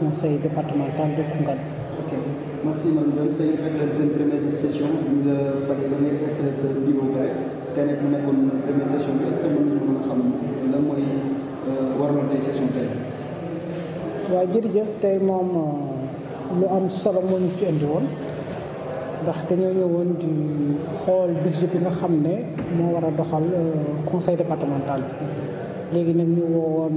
conseil départemental de Koungheul. ok merci man doon tey fekk na seen première session ñu la fale ba nekk SRS bi ba nekkoon première bi est a xam lan mooy euh, waroon tey session tey. moom euh, lu am solo moo ñu ci indi woon ndax dañoo ñëwoon di xool budget bi nga xam ne moo war a doxal euh, conseil départemental bi léegi nag ñu woowoon.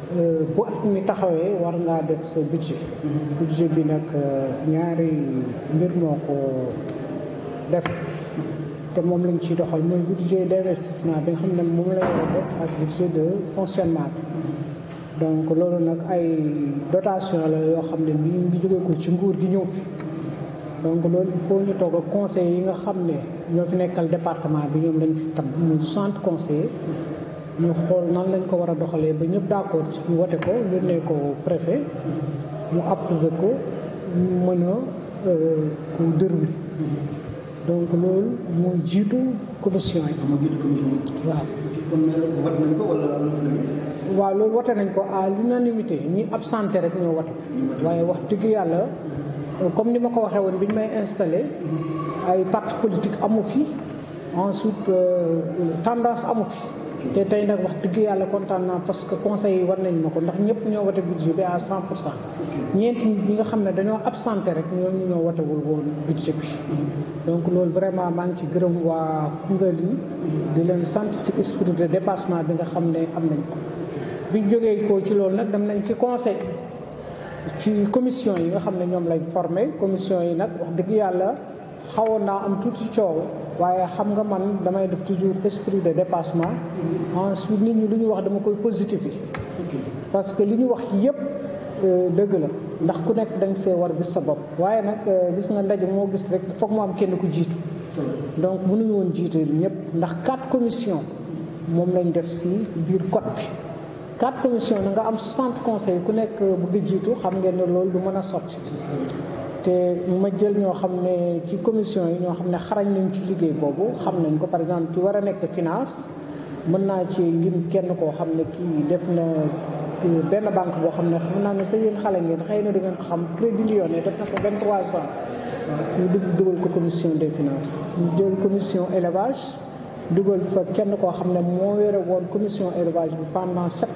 Euh, bu at mi taxawee war ngaa def sa budget budget bi nag euh, ñaari mbir moo ko def te moom lañ ciy doxal mooy budget d'investissement bi nga xam ne moom la war a def ak budget de fonctionnement donc loolu nag ay dotation la yoo xam ne bii ngi jóge ko ci nguur gi ñëw fi donc loolu il faut ñu toog ak conseil yi nga xam ne ñoo fi nekkal département bi ñoom lañ fi tam muy 60 conseil ñu xool nan lañ ko war a doxalee ba ñëpp d'accord ci mu wote ko yónnee ko préfet mu approuvé ko ñu mën euh, ko déroulé donc loolu mooy jiitu commission yi. waaw. waaw loolu wote nañ ko à l'unanimité ñi absenté rek ñoo wote waaye wax dëgg yàlla comme ni ma ko waxee woon bi ñu may installé ay parti politique amu fi ensuite euh, tendance amu fi. te tey nag wax dëgg yàlla kontaan naa parce que conseil yi war nañ ma ko ndax ñëpp ñoo wote budget bi à 100 pour cent ñeenti nit nga xam ne dañoo absenté rek ñooñu ñoo wotewul woon budget bi donc loolu vraiment maa ngi ci gërëm waa Koungheul yi di leen sant ci esprit de dépassement bi nga xam ne am nañ ko bi jógee ko ci loolu nag dem nañ ci conseil ci commission yi nga xam ne ñoom lañ formé commission yi nag wax dëgg yàlla xawoon naa am tuuti coow waaye xam nga man toujours esprit de dépassement ensuite nit ñi wax dama parce que nous wax yépp euh, la ndax ku war gis sa euh, gis nga gis rek am kenn donc mënuñu quatre commissions moom lañ def quatre commissions nga am 60 conseils ku xam loolu te ma jël ñoo xam ne ci commission yi ñoo xam ne xarañ nañ ci liggéey boobu xam nañ ko par exemple ki war a nekk finance mën naa ci lim kenn koo xam ne kii def na benn banque boo xam ne mën naa ne sa yéen xale ngeen xëy na da ngeen ko xam crédit lyonnais def na fa 23 ans ñu dugg dugal ko commission des finance ñu jël commission élevage dugal fa kenn koo xam ne moo yore woon commission élevage bi pendant sept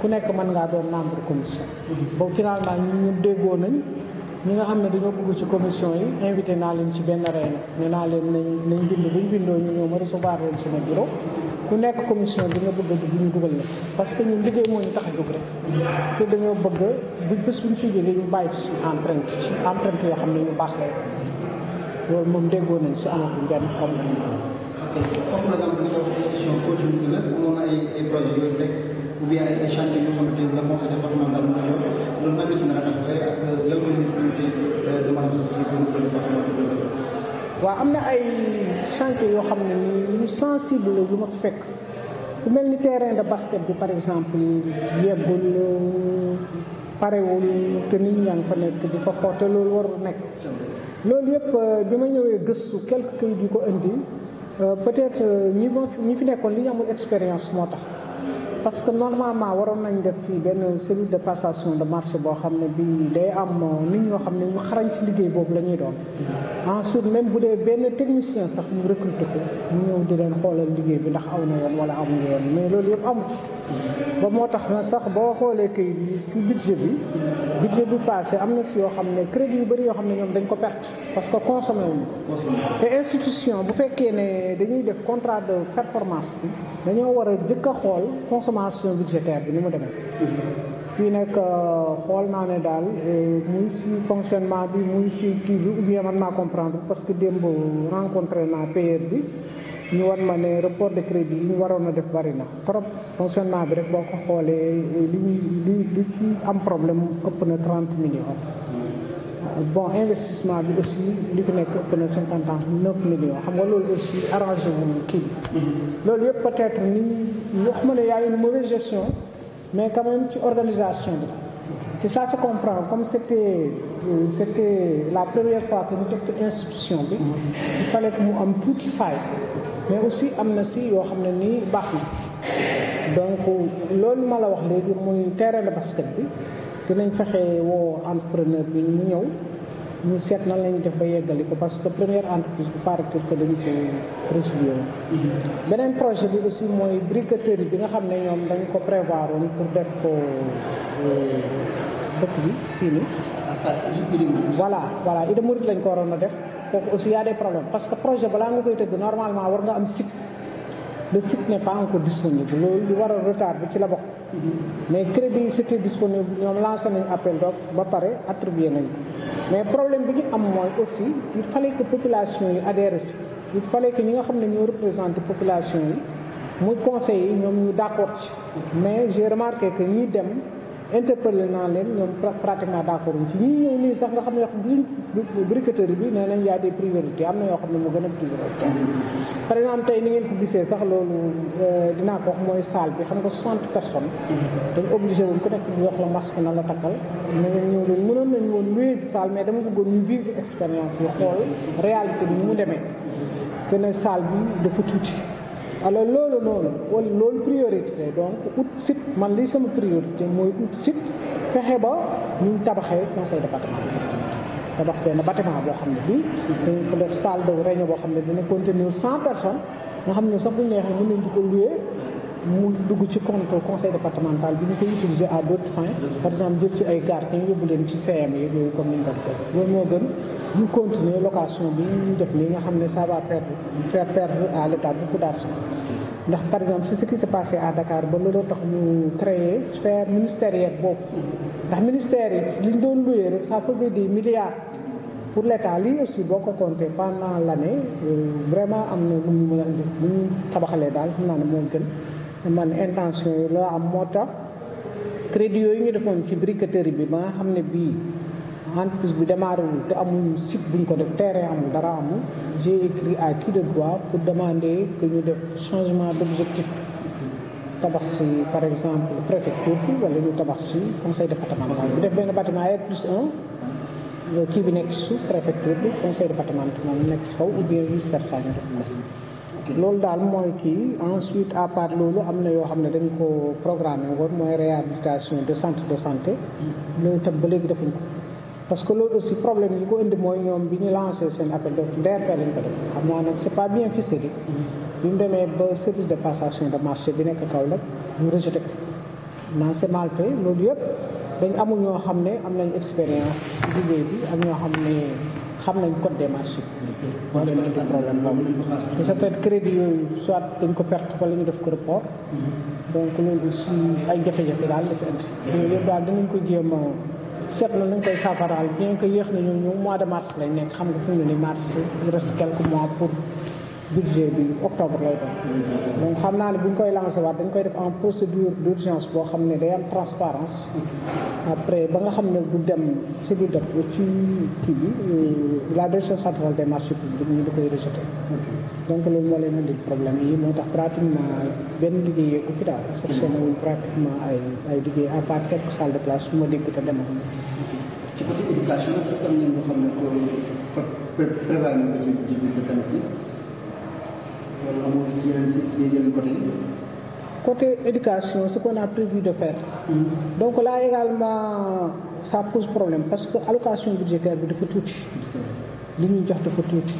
ku nekk mën ngaa doon membre commission boobu finalement ñun ñu déggoo nañ ñi nga xam ne dañoo bëgg ci commission yi invité naa leen ci benn réunion ne naa leen nañ nañ bind buñ bindoo ñu ñëw ma recevoir leen sama bureau ku nekk commission bi nga bëgg a dugg ñu dugal la parce que ñun liggéey moo ñu tax a jóg rek te dañoo bëgg bu bés buñ fi jógee ñu bàyyi fi suñu empreinte ci yoo xam ne ñu baax lay loolu moom déggoo nañ si amatu benn problème am na ay chantier yoo xam ne lu sensible lu ma fekk su mel ni terrain de basket bi par exemple yeggul parewul te nit ñaa ngi fa nekk di fa te loolu warul nekk loolu yëpp euh, bi ma ñëwee gëstu quelque kayit yu ko indi euh, peut-être euh, ñi ma ñi fi nekkoon li ñu amul expérience moo tax parce que normalement waroon nañ def fii benn cellule de passation de marché boo xam ne bii day am nit ñoo xam ne ñu xarañ ci liggéey boobu la doon ensuite même bu dee benn technicien sax ñu recruté ko mu ñëw di leen xoolal liggéey bi ndax aw na yoon wala amul yoon mais loolu yëpp amut ba moo tax na sax boo xoolee kayit yi si budget bi budget bi passé am na si yoo xam ne crédit yu bëri yoo xam ne ñoom dañ ko perte parce que consommé wuñu te institution bu fekkee ne dañuy def contrat de performance bi dañoo war a jëkk a xool consommation budgétaire bi ni mu demee fii nag euh, xool naa ne daal euh, muy si fonctionnement bi muy si kii bi ou bien man maa comprendre parce que démb rencontré naa payeur bi ñu wan ma ne report de crédit yi ñu waroon a def bari na trop fonctionnement bi rek boo ko xoolee euh, li ñu li ci am problème ëpp na 30 millions bon investissement bi aussi li fi nekk ëpp na cinquante xam nga loolu aussi arrangé wuñu kii bi mm-hmm. loolu yëpp peut-être ni ñu wax ma ne y une mauvaise gestion mais quand même une organisation et ça se comprend comme c'était euh, c'était la première fois que nous avons une institution il fallait que mu am tuuti faille mais aussi am na si des choses donc ce ma la wax terrain de basket bi dinañ fait woo entrepreneur bi mu ñu seet nan la ñuy def ba yeggali ko parce que première entreprise bu paraître ko dañu ko résilier woon beneen projet bi aussi mooy briqueterie bi nga xam ne ñoom dañu ko prévoir woon pour def ko euh, dëkk bi fii nii voilà voilà Ida ko waroon a def kooku aussi y a des problèmes parce que projet balaa nga koy tëgg normalement war nga am site le site n'est pas encore disponible loolu lu war a retard bi ci la bokk mhm. mais crédit yi c'était disponible ñoom lancé nañ appel d'offres ba pare attribué nañ ko mais problème bi ñu am mooy aussi il fallait que population yi adhère si il fallait que ñi nga xam ne ñoo représenté population yi muy conseil yi ñoom ñu d'accord ci mais j'ai remarqué que ñi dem interpellé naa leen ñoom pratiquement d'accord ci ñi ñëw nii sax nga xam ne yoo xam gisuñ bi nee nañ yaa des priorités am na yoo xam ne mu gën a priorité par exemple tey ni ngeen ko gisee sax loolu euh, dinaa ko mooy salle bi xam nga soixante personnes dañ obligé woon ku nekk ñu wax la masque na la takkal ne leen ñëw leen mënoon nañ woon wéy salle mais dama bëggoon ñu vivre expérience yu xool réalité bi ñu mu demee que ne salle bi dafa tuuti alors loolu noonu wala loolu priorité donc ut site man li sama priorité mooy ut site fexe ba ñu tabaxee conseil départemental tabax benn bâtiment boo xam ne bii dañ ko def salle de réunion boo xam ne dina contenir cent personnes nga xam ne sax bu neexee mën nañ di ko louer mu dugg ci compte conseil départemental bi ñu koy utiliser à d'autres fins par exemple jël ci ay gardiens yóbbu leen ci CM yi e, yooyu comme ni ñu ko defee loolu moo gën ñu continuer location bi ñu def nii nga xam ne ça va perdre faire perdre à l'état beaucoup d'argent ndax par exemple ci ce qui s'est passé à Dakar ba looloo tax ñu créer sphère ministérielle boobu ndax ministère yi li doon loué rek ça faisait des milliards pour l'État lii aussi boo ko compté pendant l'année euh, vraiment am na lu ñu bu ñu tabaxalee daal xam naa ne moo gën man intention yi la am moo tax crédit yooyu ñu defoon ci briqueterie bi ba nga xam ne bii entreprise bi démarré wul te amul site buñ ko def terrain amul dara amul j'ai écrit à qui de droit pour demander que ñu def changement d'objectif. objectif tabax si par exemple préfecture bi wala ñu tabax si conseil départemental bu def benn bâtiment R plus 1 euh, kii bi nekk sous préfecture bi conseil départemental bi nekk ci ou bien vice versa ñu def loolu daal mooy kii ensuite à part loolu am na yoo xam ne dañ ko programmé woon mooy réhabilitation de centre de santé loolu tam ba léegi defuñ ko parce que loolu aussi problème yi ko indi mooy ñoom bi ñu lancé seen appel d'offres DRP lañ ko def xam naa nag c'est pas bien ficelé mm-hmm. bi mu demee ba service de passation de marché bi nekk Kaolack ñu rejeté ko non c'est mal yëpp dañ amul ñoo xam ne am nañ expérience liggéey bi ak ñoo xam ne xam nañ code des marchés moo leen sa fait crédit yooyu soit dañ ko perte wala ñu def ko report mm-hmm. donc loolu aussi ay jafe-jafe daal dafa indi yooyu yëpp daal dinañ ko jéem seet na nañ koy saafaraal bien que yéex nañu ñu mois de mars lay nekk xam nga fu ñu ni mars il reste quelques mois pour budget bi octobre lay doon donc xam naa ne bu ñu koy lancé waat dañ koy def en procédure d' urgence boo xam ne day am transparence après ba nga xam ne du dem si du def ci kii bi euh, la direction centrale des marchés publics ñu da koy rejeté donc loolu moo leen andil problème yi moo tax pratiquement benn liggéey yeeku fi daal sectionné wuñ pratiquement ay ay liggéey à part quelques salle de classe su ma dégg te dema ci côté éducation est-ce que am nañ loo xam ne ko prévoir ñu ko ci bi cette année ci wala amoo yeneen si yeneen côté côté éducation ce qu'on a prévu de faire mm-hmm. donc là également ça pose problème parce que allocation budgétaire bi dafa tuuti li ñuy jox dafa tuuti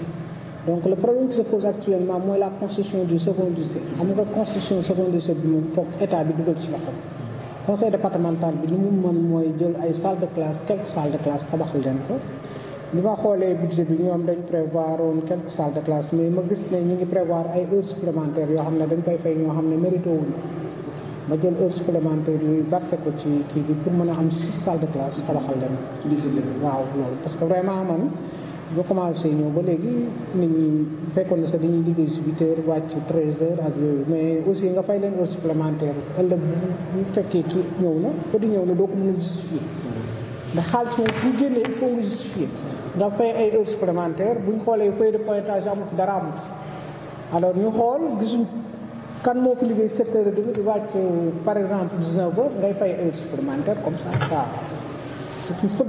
donc le problème qui se pose actuellement moi la construction du second lycée La construction construction second lycée il faut foog état bi dugal conseil départemental il li mu mën ay salle de classe quelques salles de classe tabaxal leen Nous avons ma budget nous avons prévoir quelques salles de classe mais ma gis ne ñu ngi prévoir ay heures supplémentaires yoo xam ne dañ koy fay ñoo xam ne mérité ma jël heures supplémentaires yooyu versé ko ci pour que a am six salles de classe pour leen waaw parce que vraiment man ba commencé ñëw ba léegi nit ñi fekkoon na sax dañuy liggéey si huit heures wàcc treize ak yooyu mais aussi nga fay leen heure supplémentaire ëllëg bu fekkee ki ñëw na ko di ñëw na doo ko mën a justifier ndax xaalis moom fu mu génnee il faut nga nga fay ay heures supplémentaires bu ñu xoolee feuille de pointage amu fi dara amu fi alors ñu xool gisuñ kan moo fi liggéey sept heures et demi di wàcc par exemple dix-neuf heures ngay fay heures supplémentaires comme ça ça c'est une faute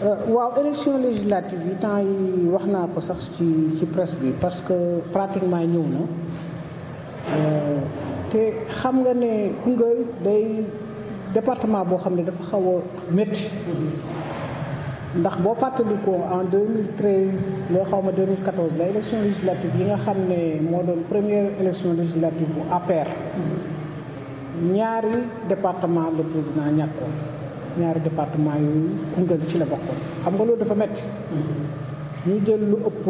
Euh, waaw élection législative yi temps yi wax naa ko sax ci ci presse bi parce que pratiquement ñëw na euh, te xam nga ne Koungheul day département boo xam ne dafa xaw a métti ndax boo fàttalikoo en 2013 la xaw 2014 la élection législative yi nga xam ne moo première élection législative bu APR ñaari département le président ñàkkoon ñaari département yu Koungheul ci la bokkoon xam nga loolu dafa métti ñu jël lu ëpp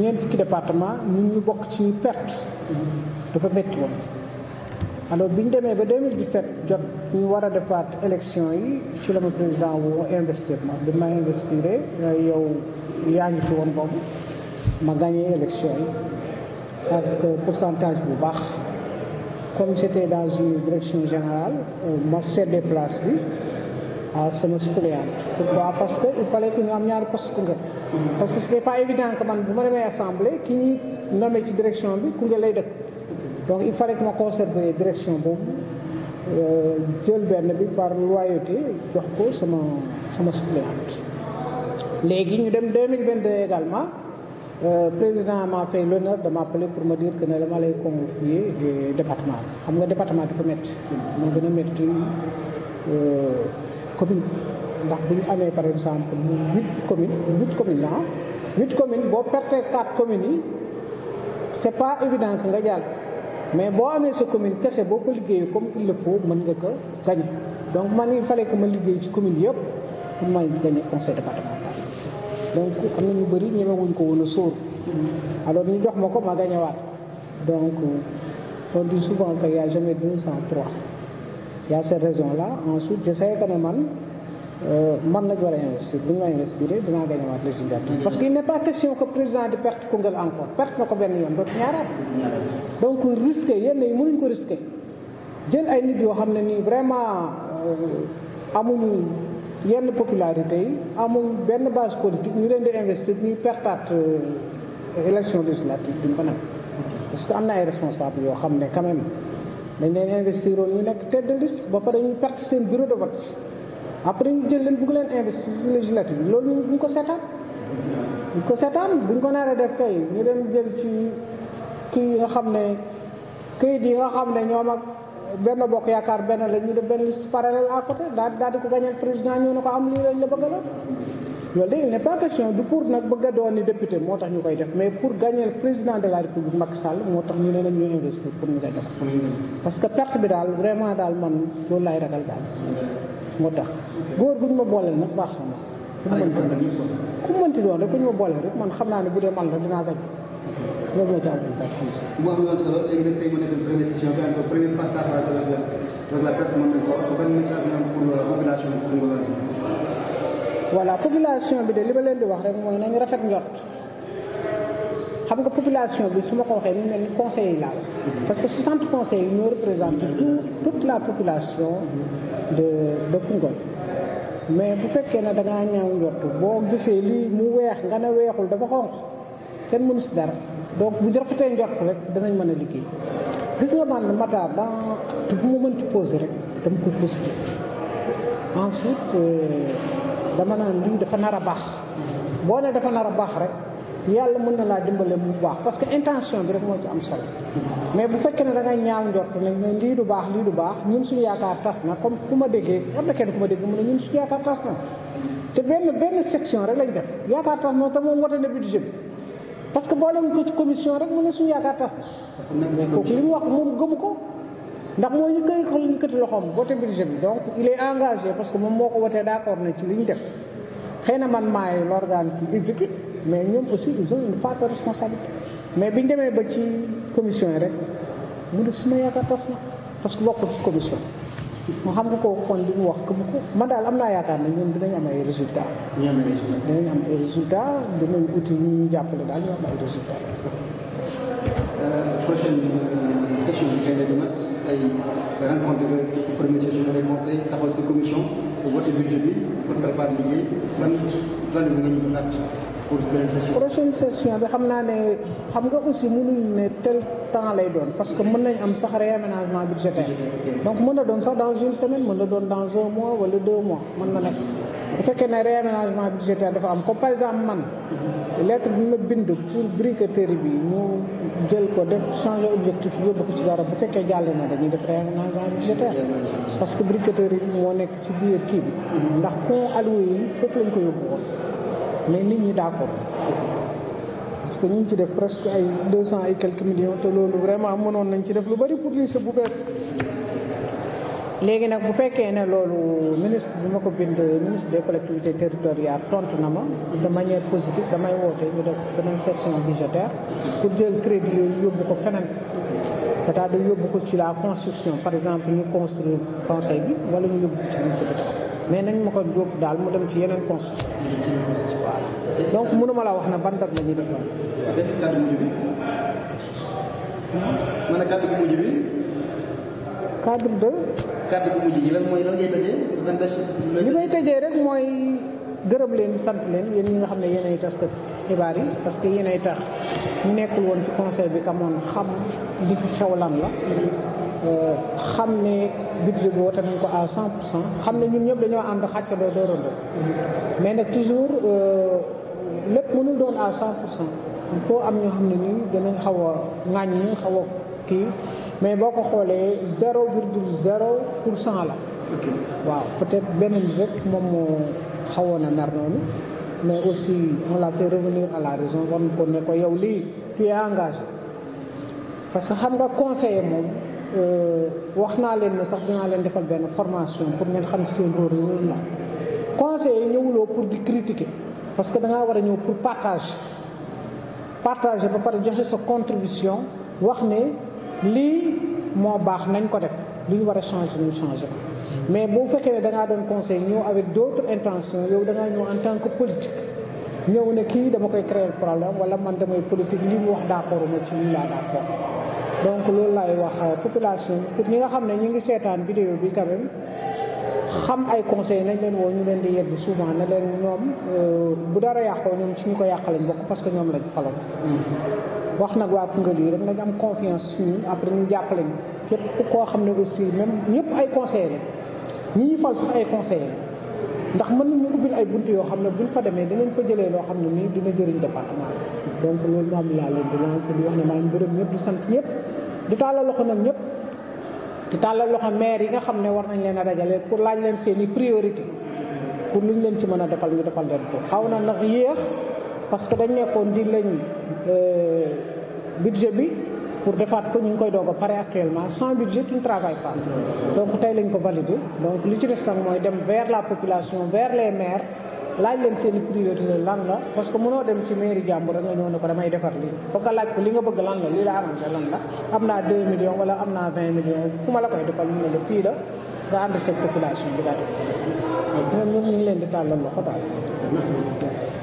ñeent fukki département ñun ñu bokk ci perte dafa métti woon alors bi demee ba 2017 jot ñu war a defaat élection yi ci la ma président woo investir ma bi ma investiré euh, yow yaa ngi fi woon boobu ma gagné élection yi ak euh, pourcentage bu baax comme c'était dans une direction générale euh, ma cédé place bi waaw sama suppléante pourquoi parce que il fallait que ñu am ñaari poste Koungheul parce que c'était pas évident que man bu ma demee assemblée ki ñuy nommé ci direction bi Koungheul lay dëkk donc il fallait que ma conserver direction boobu euh, jël benn bi par loyauté jox ko sama sama suppléante léegi ñu dem de également Euh, président m'a fait l'honneur de m'appeler pour ma dire que ne dama lay confier département xam nga département dafa métti moo gën a métti euh, commune ndax bu ñu amee par exemple ñu commune communes commune communes ah huit communes boo perte quatre commune yi c'est pas évident nga jàll mais boo amee sa commune kese boo ko liggéeyee comme il le faut man nga ko gagné donc man ñu fallait que ma liggéey ci commune yëpp pour may gagné conseil départemental donc am na ñu bëri ñemewuñ ko woon a sóor alors ñu jox ma ko ma gagné waat donc on dit souvent que y jamais deux sans trois Il y a ces raisons-là. Ensuite, je sais que man, euh, man nag investir bu ñu ma investir dinaa gañ waat législative parce que n'est pas question que président di perte Koungheul encore perte na ko benn yoon dootu ñaaraat donc risqué yenn yi mënuñ ko risqué jël ay nit yoo que ne nii vraiment euh, amuñu yenn popularité yi amul benn base politique ñu leen investir ñuy pertaat euh, élection législative mm-hmm. parce qu'on am na responsable yoo quand même dañ leen investir woon ñu nekk tête de liste ba pare ñu perte seen bureau de vote après ñu jël leen bugg leen investir ci législative bi loolu ñu ko seetaan ñu ko seetaan buñ ko naree def kay ñu dem jël ci kii nga xam ne këyit yi nga xam ne ñoom ak benn bokk yaakaar benn la ñu def benn liste parallèle à côté daal daal di ko gañal président ñoo ne ko am lii lañ la bëgg loolu léegi il n'est pas question du pour nag bëgg a doon ni député moo tax ñu koy def mais pour gagner le président de la république Macky Sall moo tax ñu ne ñu investir pour ñu koy def parce que perte bi daal vraiment daal man loolu laay ragal daal moo tax góor bu ñu ma booleel nag baax na ma ku mënti doon rek bu ñu ma booleel rek man xam naa ne bu dee man la dinaa gañ loolu moo ci am bu am solo léegi nag tey mu nekk première session bi ak première face à face avec la presse mën nañ ko ban message pour population euh, pour voilà population bi de li ma leen di wax rek mooy nañ rafet njort xam nga population bi su ma ko waxee ñu mel ni conseil yi parce que 60 conseils yi ñoo représenté toute la population de de Koungheul mais bu fekkee ne da ngaa ñaaw njort boo gisee lii mu weex nga ne weexul dafa xonq kenn mënu si dara donc bu ñu rafetee njort rek danañ mën a liggéey gis nga man mata dans bu ma mënti poser rek dama ko posé ensuite. Euh, dama naan lii dafa nar a baax boo ne dafa nar a baax rek yàlla mën na laa dimbale mu baax parce que intention bi rek moo ci am solo mais bu fekkee ne da ngay ñaaw njort ne lii du baax lii du baax ñun suñu yaakaar tas na comme ku ma déggee am na kenn ku ma dégg mu ne ñun suñu yaakaar tas na te benn benn section rek lañ def yaakaar tas na te moom wote na budget bi parce que boole ko ci commission rek mu ne suñu yaakaar tas na kooku li mu wax ko ndax moo ñu koy xam ñu kati loxoom voté budget donc il est engagé parce que moom moo ko wotee d'accord na ci li ñu def xëy na man maay l'organe qui exécute mais ñoom aussi ils ont une part de mais bi ñu demee ba ci commission yi rek mu def suma yaakaar tas na parce que bokkul ci commission mu xam nga ko kon li mu wax gëmu ko man daal am naa yaakaar ne ñoom dinañ am ay résultat dinañ am ay résultats dinañ uti ñu jàppale daal ñu am ay résultats euh, ay rencontre nga ce premier session le conseil, taxaw cette commission wote budget bi pour préparer liggéey ban rendez-vous nga ñu xaat pour beneen session. prochaine session bi xam naa ne xam nga aussi mënuñ ne tel temps lay doon parce que mën nañ am sax réaménagement budgétaire donc mën na doon sax dans une semaine mën na doon dans un mois wala deux mois mën na nekk bu fekkee réaménagement budgétaire dafa am comme par exemple man. lettre bi ma bind pour briqueterie bi ñu jël ko def changer objectif yóbbu ko ci dara bu fekkee jàll na dañuy def réaménagement budgétaire parce que briqueterie bi moo nekk ci biir kii bi ndax fonds alloués yi foofu lañ ko yóbbu woon mais nit ñi ko parce que ñu ngi ci def presque ay deux cent et quelques millions te loolu vraiment mënoon nañ ci def lu bari pour lycée bu bees léegi nag bu fekkee ne loolu ministre bi ma ko bind ministre des collectivités territoriales tontu na ma de manière positive damay woote ñu def beneen session budgétaire pour jël crédit yooyu yóbbu ko feneen c'est-à-dire yóbbu ko ci la construction par exemple ñu construire conseil bi wala ñu yóbbu ko ci lycée bi mais nañ ma ko yóbbu daal mu dem ci yeneen construction voilà donc mënuma la wax na ban date la ñuy def cadre de kàddu gu mooy tëjee la. li may tëjee rek mooy gërëm leen sant leen yéen ñi nga xam ne yéenay taskati xibaar yi parce que yéenay tax ñu nekkul woon ci conseil bi kamoon xam li fi xew lan la. Euh, xam ne budget bi woote nañ ko à 100 cent xam ne ñun ñëpp dañoo ànd xàccandoo dóorandoo mais nag toujours euh, lépp mënul doon à 100 cent il faut am ñoo xam ne nii danañ xaw a ŋàññi xaw kii mais boo ko xoolee zéro virgule zéro pour cent la. waaw peut-être beneen rek moom moo xawoon a nar noonu mais aussi on l'a fait revenir à la raison war ko ne ko yow lii tu es engagé parce que xam nga conseiller moom euh, wax naa leen ne sax dinaa leen defal benn formation pour ngeen xam seen rôle loolu la conseiller ñëwuloo pour di critiquer parce que da ngaa war a ñëw pour partager partage ba pare joxe sa contribution wax ne. lii moo baax nañ ko def li ñu war a changer ñu change ko mais boo fekkee ne da doon conseil ñëw avec d' autres intentions yow da ñëw en tant que politique ñëw ne kii dama koy créer problème wala man damay politique li mu wax d' accord ma ci lii laa d' donc loolu laay wax euh, population pour ñi nga xam ne ñu ngi seetaan vidéo bi quand même xam ay conseil nañ leen woo ñu leen di yedd souvent ne leen ñoom euh, bu dara yàqoo ñoom ci ñu ko yàq lañ bokk parce que ñoom lañ faloon wax nag waa Koungheul yi rek nañ am confiance ñun après ñu japp lañ képp ko xamne ne aussi même ñëpp ay conseiller ñi ñi fal sax ay conseiller ndax mën ñu ubbil ay buntu yo xamne buñ fa démé dañ leen fa jëlé lo xamne ni dina jëriñ département bi donc loolu am la leen di lancé di wax ne maa ngi gërëm ñëpp di sant ñëpp di talal loxo nak ñëpp di talal loxo maire yi nga xamne war nañ leen dajalé pour laaj leen seeni priorité pour luñ leen ci mëna a defal ñu defal leen ko xawna nak yéx parce que dañ nekkoon di lañ euh, budget bi pour defaat ko ñu ngi koy doog a pare actuellement san budget tu ne travailles pas donc tey lañ ko valider donc li ci des nag mooy dem vers la population vers les maires laaj leen seen i priorité lan la parce que mënoo dem ci mairie jàmbur rek nga ñëw ne ko damay defar lii foog laaj ko li nga bëgg lan la lii la arrangé lan la am naa 2 millions wala am naa 20 millions fu la koy defal mu ne la fii la nga ànd population bi daal ñoom ñu ngi leen di tàllal loxo